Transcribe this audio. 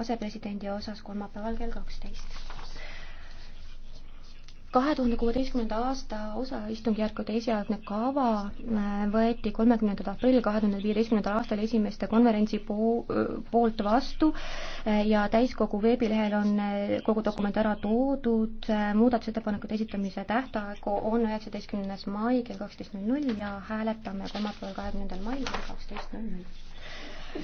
asepresidendi osas kolmapäeval kell kaksteist. kahe tuhande kuueteistkümnenda aasta osaistungjärkude esialgne kava äh, võeti kolmekümnendal aprillil kahe tuhande viieteistkümnendal aastal esimeste konverentsi po poolt vastu äh, ja täiskogu veebilehel on äh, kogu dokument ära toodud. muudatusettepanekute esitamise tähtaeg on üheksateistkümnes mai kell kaksteist null null ja hääletame kolmapäeval, kahekümnendal mail kell kaksteist null null.